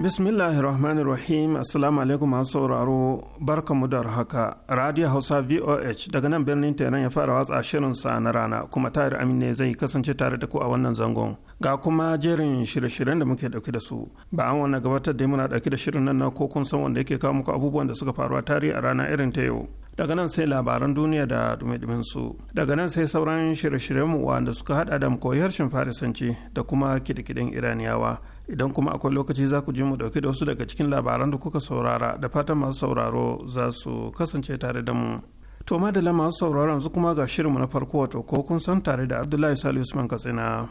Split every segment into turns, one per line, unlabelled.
bismillahirrahmanirrahim rahmanir rahim assalamu alaikum masu sauraro barkamu da haka radio hausa voh daga nan birnin teran ya fara watsa shirin sa na rana kuma tayar amin ne zai kasance tare da ku a wannan zangon ga kuma jerin shirye-shiryen da muke dauke da su ba an wani gabatar da muna dauke da shirin nan na ko kun san wanda yake kawo muku abubuwan da suka faru a tarihi a rana irin ta yau daga nan sai labaran duniya da dumi su daga nan sai sauran shirye-shiryen mu wanda suka hada da koyar harshen farisanci da kuma kidikidin iraniyawa idan kuma akwai lokaci za ku ji mu dauke da wasu daga cikin labaran da kuka saurara da fatan masu sauraro za su kasance tare da mu to madalla masu sauraro yanzu kuma ga shirinmu na farko wato ko kun san tare da abdullahi sali usman katsina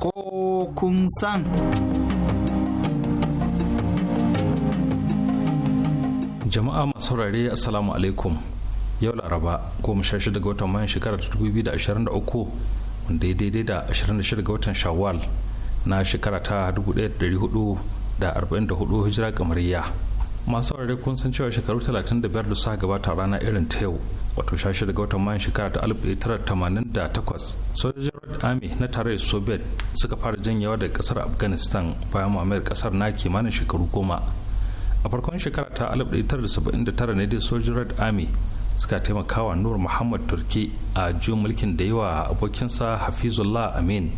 ko kun san
jama'a masu saurare assalamu alaikum yau laraba goma sha shida ga watan mayan shekarar 2023 wanda ya daidai da 26 ga watan shawwal na shekara ta 1444 hijira kamariya masu aure kun san cewa shekaru 35 da suka gabata rana irin ta yau wato shida ga watan mayan shekara ta 1988 sojojin red army na tarayyar soviet suka fara janyewa daga kasar afghanistan bayan mamayar kasar na kimanin shekaru goma a farkon shekara ta 1979 ne dai sojojin red army suka taimakawa nur muhammad turki a juyin mulkin da yi wa abokinsa hafizullah amin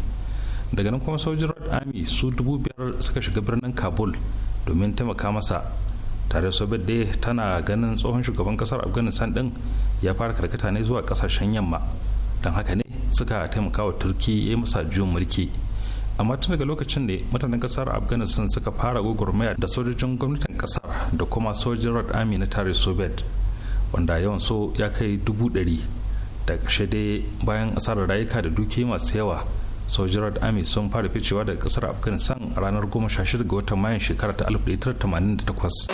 daga nan kuma sojin red army su dubu biyar suka shiga birnin kabul domin taimaka masa tare su dai tana ganin tsohon shugaban kasar afghanistan din ya fara karkata ne zuwa kasashen yamma don haka ne suka taimaka wa turki ya yi masa juyin mulki amma tun daga lokacin ne mutanen kasar afghanistan suka fara gwagwarmaya da sojojin gwamnatin kasar da kuma sojin red army na tare soviet wanda yawan so ya kai dubu ɗari da ƙarshe dai bayan asarar rayuka da duki masu yawa sojirar army sun fara ficewa daga ƙasar afghanistan a ranar 16 ga watan mayan shekara ta 1988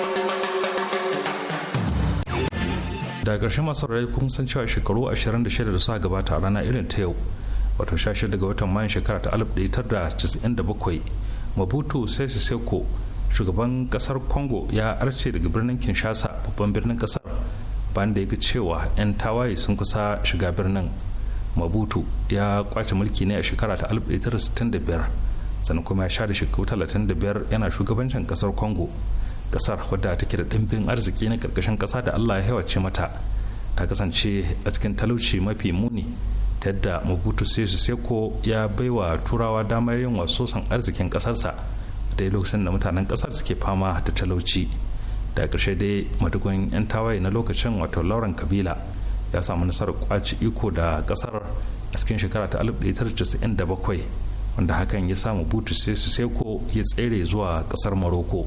daga ƙarshe masu rai kun san cewa shekaru 26 da suka gabata a rana irin ta yau wato 16 ga watan mayan shekara ta 1997 mabutu sai seko shugaban kasar congo ya arce daga birnin kinshasa babban birnin kasar bayan da ya ga cewa 'yan tawaye sun kusa shiga birnin mabutu ya kwace mulki ne a shekara ta 1965 sannan kuma ya sha da shekaru 35 yana shugabancin kasar congo kasar wadda take da ɗimbin arziki na karkashin ƙasa da allah ya hewace mata ta kasance a cikin talauci mafi muni ta yadda mabutu sese seko ya baiwa turawa damar yin wasosan arzikin ƙasarsa da lokacin da mutanen ƙasar suke fama da talauci da ƙarshe dai madugun 'yan tawaye na lokacin wato lauren kabila ya samu nasarar kwaci iko da ƙasar a cikin shekara ta 1997 wanda hakan ya samu butu seko ya tsere zuwa ƙasar maroko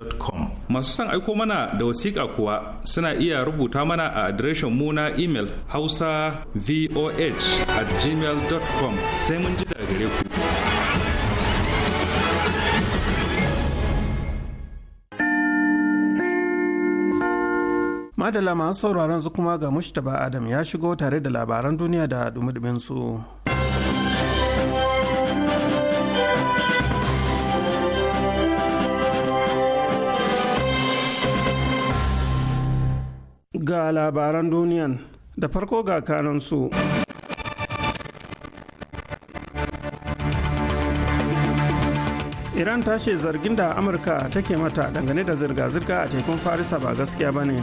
masu son aiko mana da wasiƙa kuwa suna iya rubuta mana a adireshin mu na imel hausa voh at gmail.com sai mun ji daga gare ku.
Madala masu sauraron su kuma ga Mushtaba Adam ya shigo tare da labaran duniya da dumi su. ga labaran duniyan da farko ga kanansu. iran ta ce zargin da amurka take mata dangane da zirga-zirga a tekun farisa ba gaskiya ba ne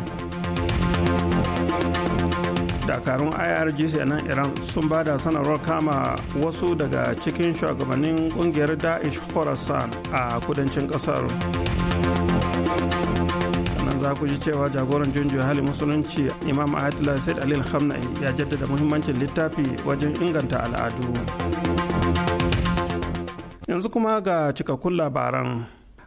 dakarun irgc nan iran sun ba da sanarwar kama wasu daga cikin shugabannin kungiyar daesh khorasan a kudancin kasar. za ku ji cewa jagoran junjiya hali musulunci imam ayatollah said alil khamnai ya jaddada muhimmancin littafi wajen inganta al'adu yanzu kuma ga cikakkun labaran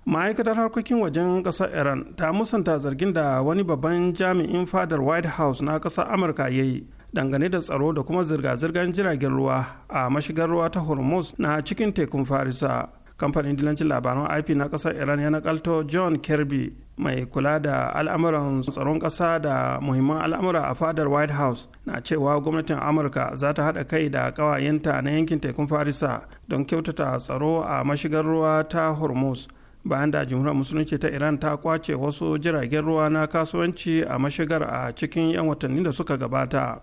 ma'aikatar harkokin wajen ƙasar iran ta musanta zargin da wani babban jami'in fadar white house na ƙasar amurka ya yi dangane da tsaro da kuma zirga-zirgar jiragen ruwa a mashigar ruwa ta hormuz na cikin tekun farisa kamfanin dilancin labaran ip na kasar iran ya nakalto john kirby mai kula da al'amuran tsaron kasa da muhimman al'amura a fadar white house na cewa gwamnatin amurka za ta haɗa kai da ƙawayenta na yankin tekun farisa don kyautata tsaro a mashigar ruwa ta hormuz bayan da jimhuriyar musulunci ta iran ta kwace wasu jiragen ruwa na kasuwanci a mashigar a cikin 'yan watanni da suka gabata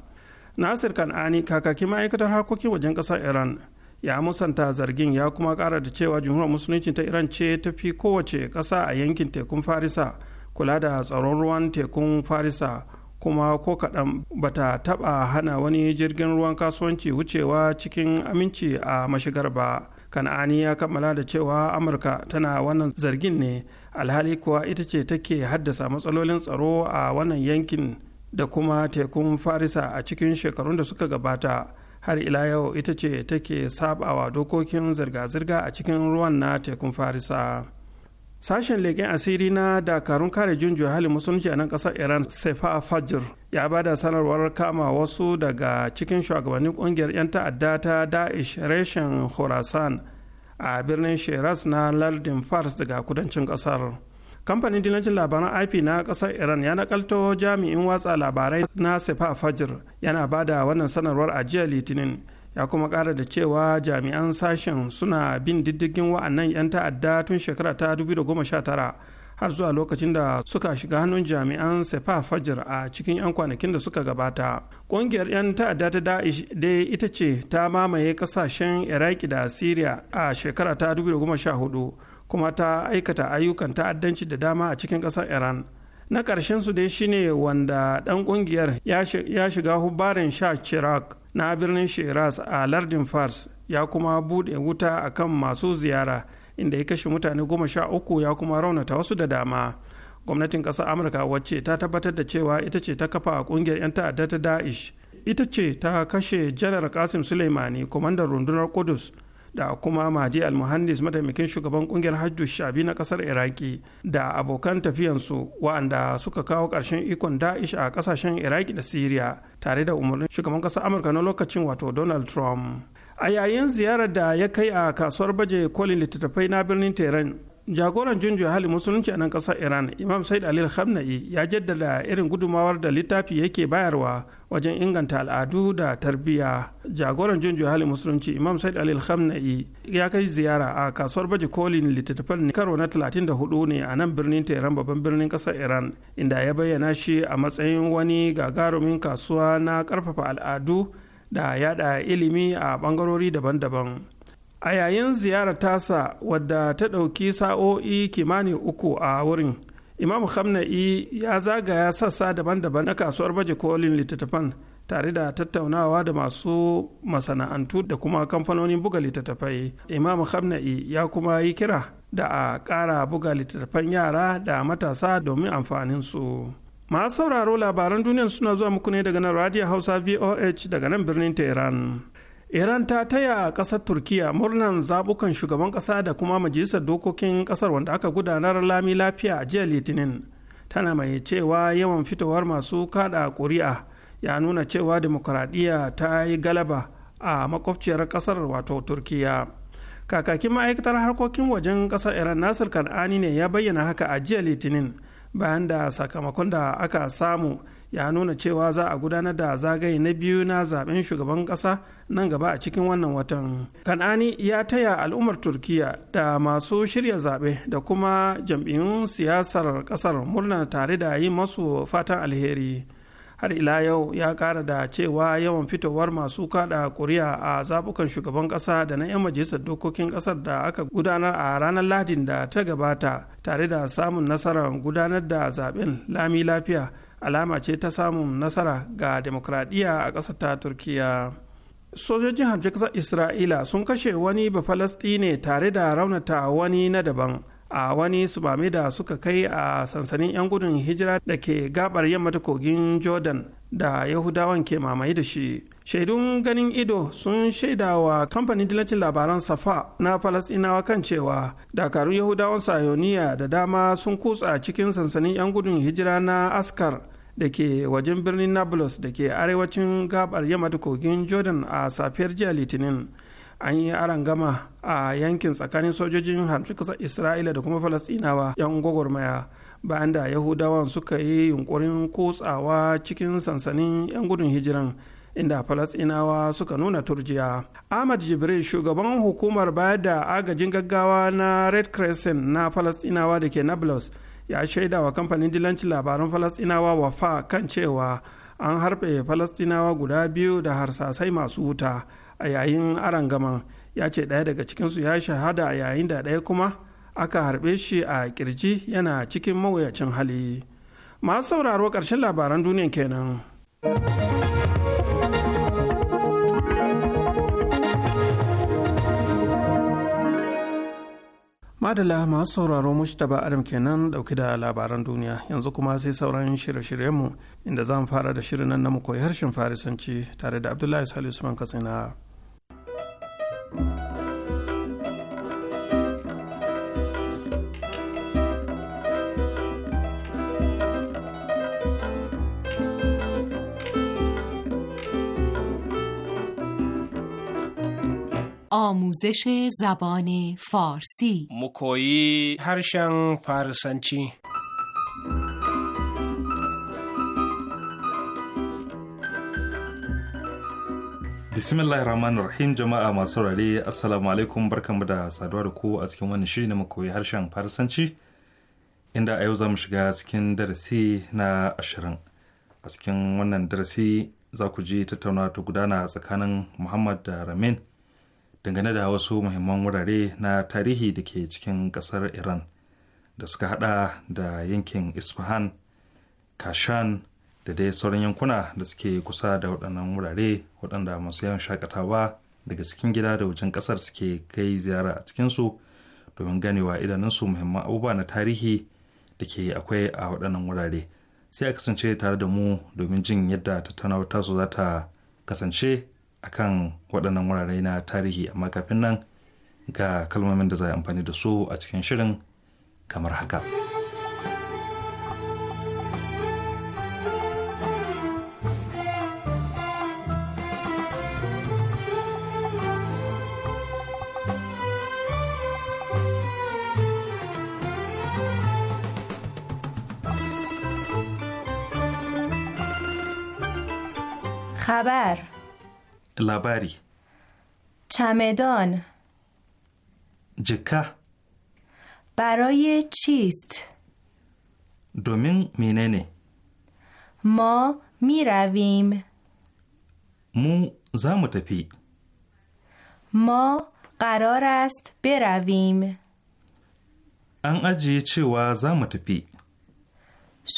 nasir ani kakakin ma'aikatar harkokin wajen ƙasar iran ya musanta zargin ya kuma kara da cewa jumhuriyar musulunci ta iran ce ta fi kowace ƙasa a yankin tekun farisa kula da tsaron ruwan tekun farisa kuma ko kaɗan bata taɓa hana wani jirgin ruwan kasuwanci wucewa cikin aminci a mashigar ba kan'ani ya kammala da cewa amurka tana wannan zargin ne alhali kuwa ita ce take haddasa matsalolin tsaro a wannan yankin da kuma tekun farisa a cikin shekarun da suka gabata har ila yau ita ce take sabawa dokokin zirga-zirga a cikin ruwan na tekun farisa sashen leƙen asiri na dakarun kare junju halin musulunci a nan ƙasar iran sefa fajr ya ba da sanarwar kama wasu daga cikin shugabannin ƙungiyar 'yan ta'adda ta da'ish reshen khorasan a birnin shiraz na lardin fars daga kudancin ƙasar kamfanin dillancin labaran ip na kasar iran ya nakalto jami'in watsa labarai na sefa fajir yana ba da wannan sanarwar a jiya litinin ya kuma kara da cewa jami'an sashen suna bin diddigin wa'annan 'yan ta'adda tun shekara ta 2019 har zuwa lokacin da suka shiga hannun jami'an sefa fajir a cikin 'yan kwanakin da suka gabata ƙungiyar 'yan ta'adda ta da'ish dai ita ce ta mamaye kasashen iraki da syria a shekara ta 2014 kuma ta aikata ayyukan ta'addanci da dama a cikin ƙasar iran na ƙarshen su dai shine wanda ɗan ƙungiyar ya shiga hubarin sha chirac na birnin shiraz a lardin fars ya kuma buɗe wuta akan masu ziyara inda ya kashe mutane goma sha uku ya kuma raunata wasu da dama gwamnatin ƙasar amurka wacce ta tabbatar da cewa ita ce ta kafa ƙungiyar 'yan ta'adda ta da'ish ita ce ta kashe janar kasim suleimani kwamandan rundunar kudus da kuma mahdi almuhandis mataimakin shugaban kungiyar hajju shabi na kasar iraki da abokan tafiyansu wa'anda suka kawo ƙarshen ikon da'ish a ƙasashen iraki da syria tare da umarnin shugaban ƙasar amurka na lokacin wato donald trump a yayin ziyarar da ya kai a kasuwar baje kolin littattafai na birnin tehran jagoran junju hali musulunci a nan kasar iran imam said ali khamnai ya jaddada irin gudumawar da littafi yake bayarwa wajen inganta al'adu da tarbiyya jagoran junju hali musulunci imam said ali khamnai ya kai ziyara a kasuwar baji kolin littattafan karo na 34 ne a nan birnin tehran babban birnin kasar iran inda ya bayyana shi a matsayin wani gagarumin kasuwa na karfafa al'adu da yada ilimi a bangarori daban-daban a yayin ziyara tasa wadda ta ɗauki sa'o'i kimanin uku a wurin imam hamna'i ya zagaya sassa daban-daban na kasuwar baje kolin littattafan tare da tattaunawa da masu masana'antu da kuma kamfanonin buga littattafai imam hamna'i ya kuma yi kira da a kara buga littattafan yara da matasa domin su masu sauraro labaran duniya suna zuwa muku ne daga nan radio hausa voh daga nan birnin tehran iran ta taya kasar turkiya murnan zabukan shugaban kasa da kuma majalisar dokokin kasar wanda aka gudanar lami lafiya a jiya litinin tana mai cewa yawan fitowar masu kada kuri'a ya nuna cewa demokuraɗiyya ta yi galaba a makwabciyar kasar wato turkiya kakakin ma'aikatar harkokin wajen kasar iran nasir kan'ani ne ya bayyana haka a jiya litinin bayan da sakamakon da aka samu ya nuna cewa za a gudanar da zagaye na biyu na zaben shugaban kasa nan gaba a cikin wannan watan kan'ani ya taya al'ummar turkiya da masu shirya zaɓe da kuma jam'iyyun siyasar ƙasar murna tare da yi masu fatan alheri har ila yau ya kara da cewa yawan fitowar masu kada kuri'a a zabukan shugaban ƙasa da na 'yan majalisar dokokin ƙasar da aka gudanar a ranar lahadin da ta gabata tare da samun nasarar gudanar da zaben lami lafiya alama ce ta samun nasara ga demokradiyya a ƙasar ta turkiya sojojin hamshe ƙasar isra'ila sun kashe wani bafalastine tare da raunata wani na daban a wani subame da suka kai a sansanin 'yan gudun hijira da ke gabar yamma kogin jordan da yahudawan ke mamaye da shi shaidun ganin ido sun shaida wa kamfanin dillacin labaran safa na falasinawa kan cewa dakarun yahudawan sayoniya da dama sun kutsa cikin sansanin 'yan gudun hijira na askar da ke wajen birnin nablus da ke arewacin gabar yamma kogin jordan a safiyar jiya litinin an yi arangama a yankin tsakanin sojojin harfi kasar isra'ila da kuma Falasinawa 'yan gwagwarmaya bayan da yahudawan suka yi yunkurin kotsawa cikin sansanin 'yan gudun hijiran inda falasinawa suka nuna turjiya ahmad jibril shugaban hukumar bayar da agajin gaggawa na red crescent na falasinawa da ke nablus ya shaida wa kamfanin dilanci labaran falasinawa wafa kan cewa an harbe falasinawa guda biyu da harsasai masu wuta a yayin aron gama ya ce ɗaya daga cikinsu ya shahada a yayin da ɗaya kuma aka harbe shi a kirji yana cikin mawuyacin hali masu sauraro ƙarshen labaran duniyan kenan. madala masu sauraro mushtaba adam kenan dauki da labaran duniya yanzu kuma sai sauran shirye-shiryenmu inda zan fara da shirin nan na mu koyi harshen farisanci tare da abdullahi salisu man katsina
آموزش زبان فارسی
مکویی هرشن فارسنچی bismillahir rahmanir rahim jama'a masu saurare assalamu alaikum barkanmu da saduwa da ku a cikin wannan shiri na koyi harshen farisanci inda a yau za mu shiga cikin darasi na ashirin a cikin wannan darasi za ku ji tattaunawa ta gudana tsakanin muhammad da ramin dangane da wasu muhimman wurare na tarihi da ke cikin kasar iran da suka hada da yankin isfahan kashan da dai sauran yankuna da suke kusa da waɗannan wurare waɗanda masu yawan shakatawa daga cikin gida da wajen ƙasar suke kai ziyara a cikinsu domin ganewa idanunsu muhimman abubuwa na tarihi da ke akwai a waɗannan wurare sai a kasance tare da mu domin jin yadda tattaunawa tasu za ta kasance a kan waɗannan wurare na tarihi amma kafin nan ga kalmomin da za a amfani da su a cikin shirin kamar haka.
خبر لبری چمدان جکه برای چیست؟
دومین میننه
ما می رویم
مو زمو تپی
ما قرار است برویم
ان اجیه و زمو تپی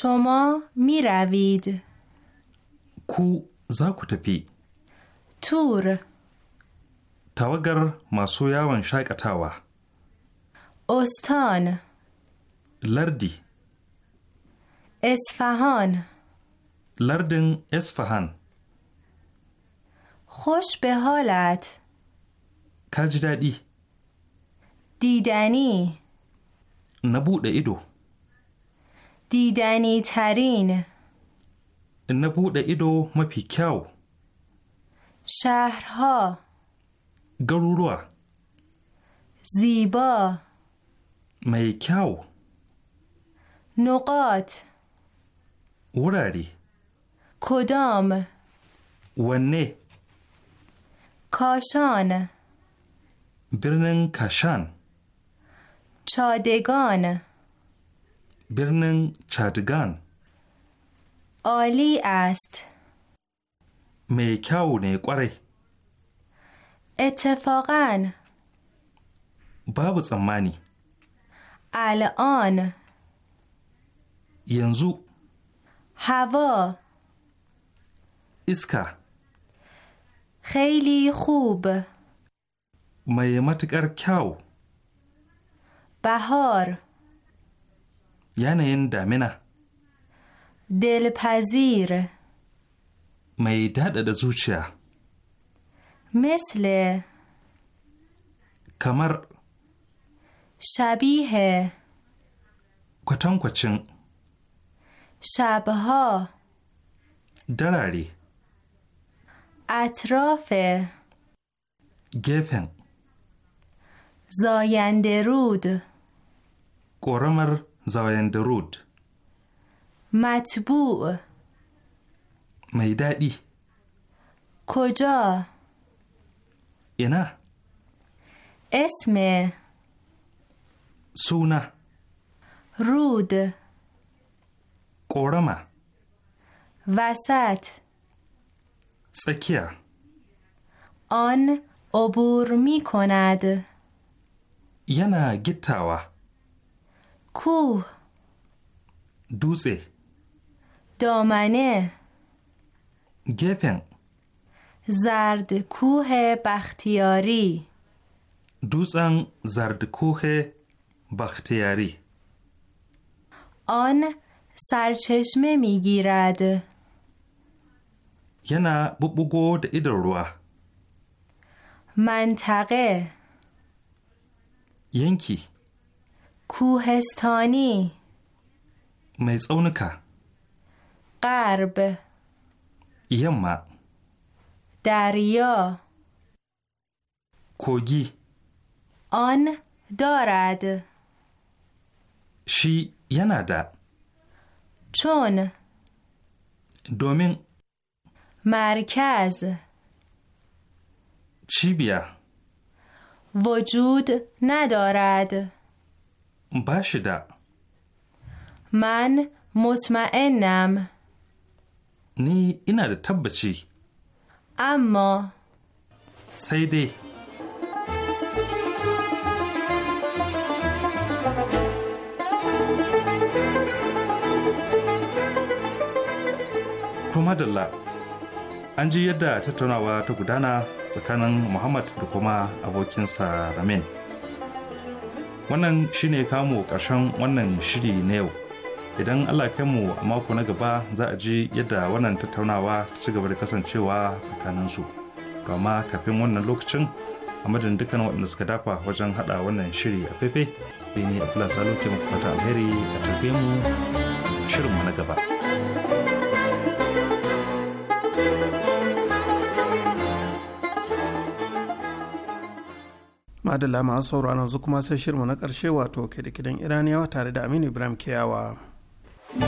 شما می روید کو
زاکو تپی تور تباغار ماسو یاون شقتاوا
استان لردی اصفهان
لردن اصفهان
خوش به حالت کج ددی دیدانی
نبودو ایدو
دیدانی ترین
نبودو ایدو مفی کائو
شهرها گرورو زیبا
میکاو
نقاط وراری کدام ونه کاشان
برنن کاشان
چادگان
برنن چادگان
عالی است
میکاو نه قره
اتفاقا
باب تسمانی
الان ینزو هوا اسکا خیلی خوب
می متکر کاو
بهار
یعنی دامنه
دلپذیر
mai daɗa da zuciya.
Mesle. Kamar. Shabihe.
Kwatankwacin.
Shabaho. Darare. Atrofe. Gefen. Zoyanderud.
Ƙoramar Zoyanderud.
Matbu'u. میدادی کجا کجا اینا اسم سونا رود قرما وسط سکیا آن عبور می کند
ینا گتاوا کوه دوزه
دامنه گپن کوه بختیاری
دوزن کوه بختیاری
آن سرچشمه میگیرد
ینا ببگو د ایدروا
منطقه ینکی کوهستانی
میزونکا
غرب یما دریا کوگی آن دارد
شی یندا چون دومین
مرکز چی بیا وجود ندارد باشده من مطمئنم
ni ina tabbaci.
tabbaci
sai dai. kuma madalla an ji yadda tattaunawa ta gudana tsakanin Muhammad da kuma abokinsa Ramin. Wannan shine kamo ƙarshen wannan shiri na yau idan allah kai mu a mako na gaba za a ji yadda wannan tattaunawa ta ci gaba da kasancewa tsakaninsu to amma kafin wannan lokacin a madadin dukkan waɗanda suka dafa wajen haɗa wannan shiri a fefe ne a ke lokacin fata alheri a tafe mu shirinmu na gaba.
madalla masu sauraron yanzu kuma sai shirmu na ƙarshe wato kide kidan iraniyawa tare da aminu ibrahim kiyawa da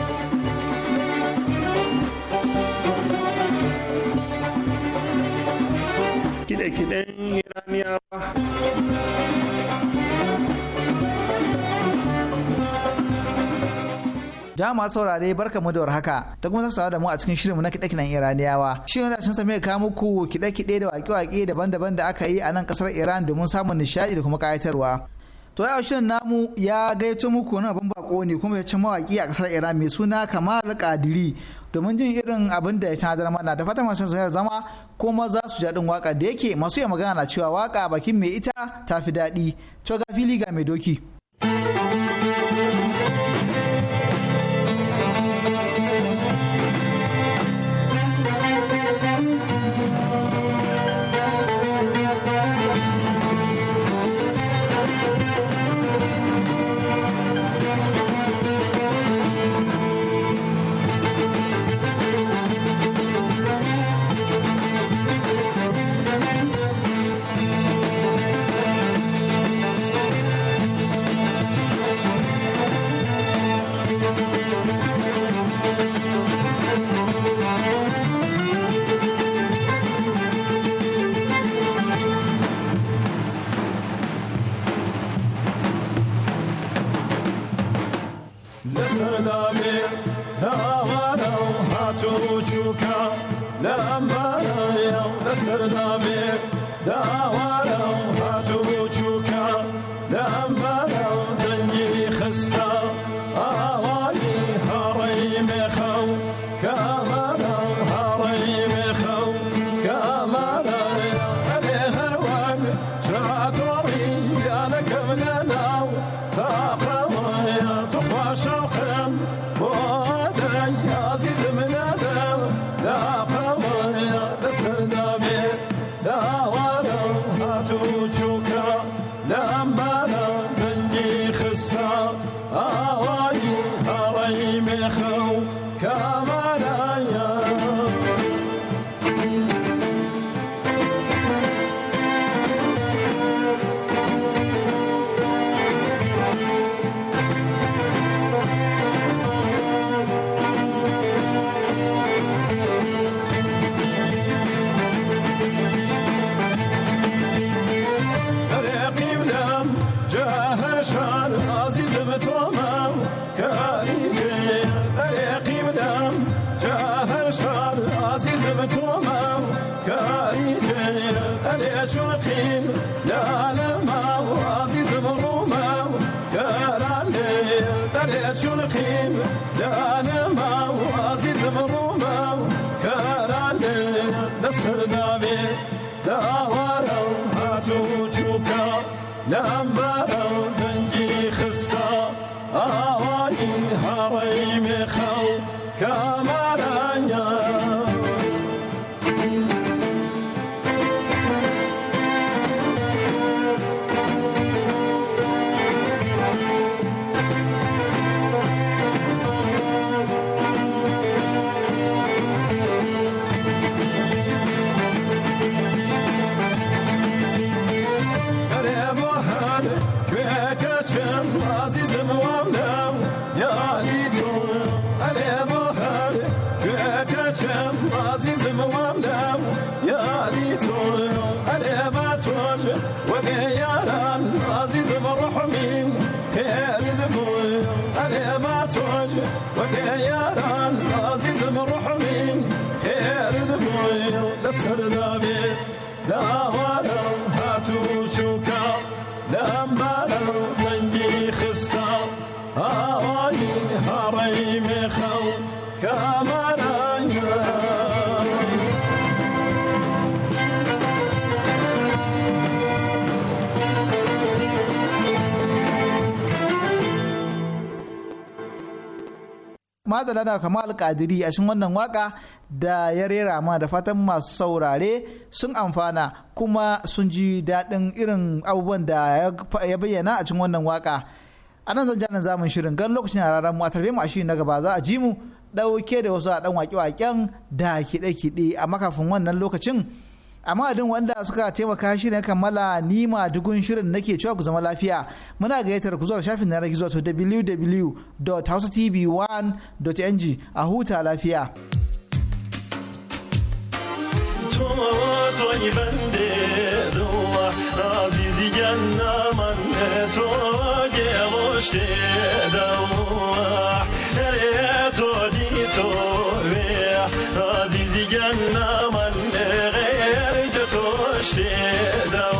ma Iraniyawa dama saurare barka mu da warhaka ta kuma sassawa da mu a cikin shirinmu na kiɗe-kiɗen iraniyawa shirin da sun same ka muku kiɗe-kiɗe da waƙe-waƙe daban-daban da aka yi a nan ƙasar iran domin samun nishaɗi da kuma ƙayatarwa to ya shi namu ya gaito muku na abin bako ne kuma ya ci mawaki a kasar iran mai suna kamal kadiri domin jin irin abin da ya hadar mana da fatan masu zayar zama ko za su jaɗin waka da yake masu ya magana na cewa waka bakin mai ita ta fi daɗi to ga fili ga mai doki. 啊。madala da kamal kadiri a cikin wannan waka da ya rera ma da fatan masu saurare sun amfana kuma sun ji daɗin irin abubuwan da ya bayyana a cikin wannan waka a nan zanjanin zamun shirin gan lokacin a mu a tarbe mu na gaba za a ji mu ɗauke da wasu a ɗan waƙe-waƙen da kiɗe-kiɗe a makafin wannan lokacin amma adin wanda suka taimaka shi ne kammala nima dugun shirin nake cewa ku zama lafiya muna gayyatar ku zuwa shafin na gizo to www.housetv1.ng a huta lafiya
شيدا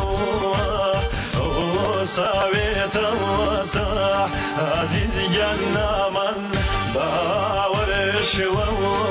وصابت الوصاح عزيز جنة من باورش وهو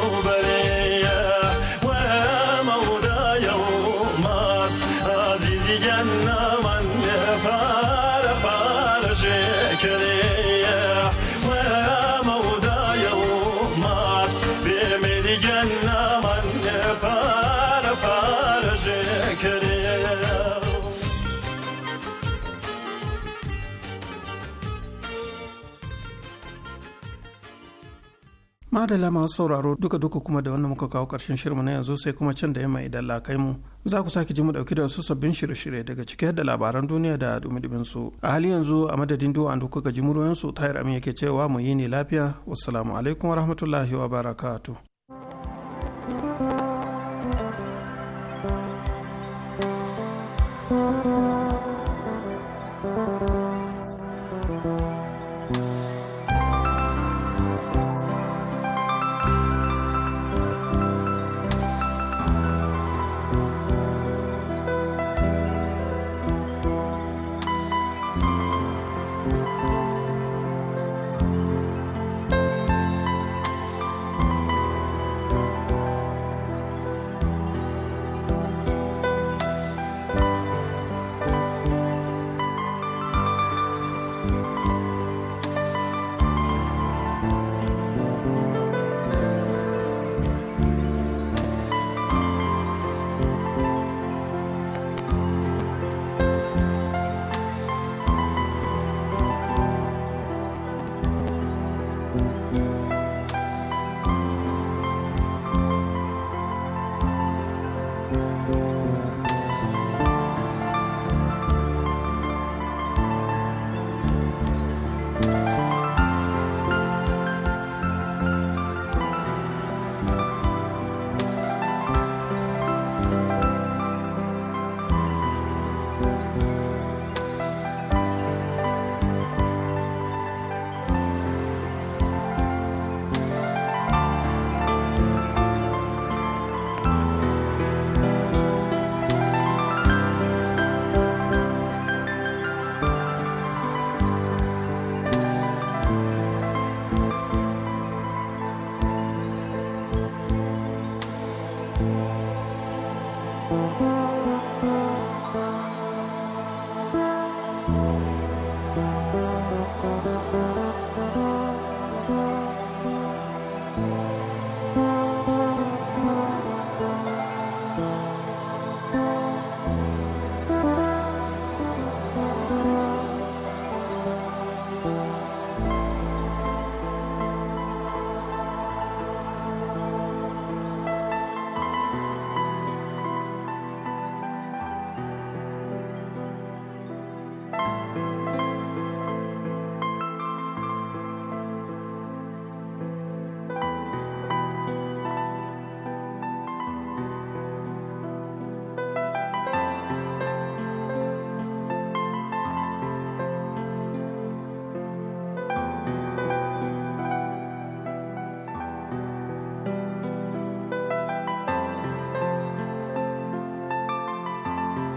madala masu sauraro duka duka kuma da wannan muka kawo karshen shirmu na yanzu sai kuma can da yamma idan lakai mu za ku sake ji mu dauki da wasu sabbin shirye-shirye daga cike da labaran duniya da dumidumin su a hali yanzu a madadin duwa an kuka ji muryoyin su tayar amin yake cewa mu yi ne lafiya wassalamu alaikum wa barakatu.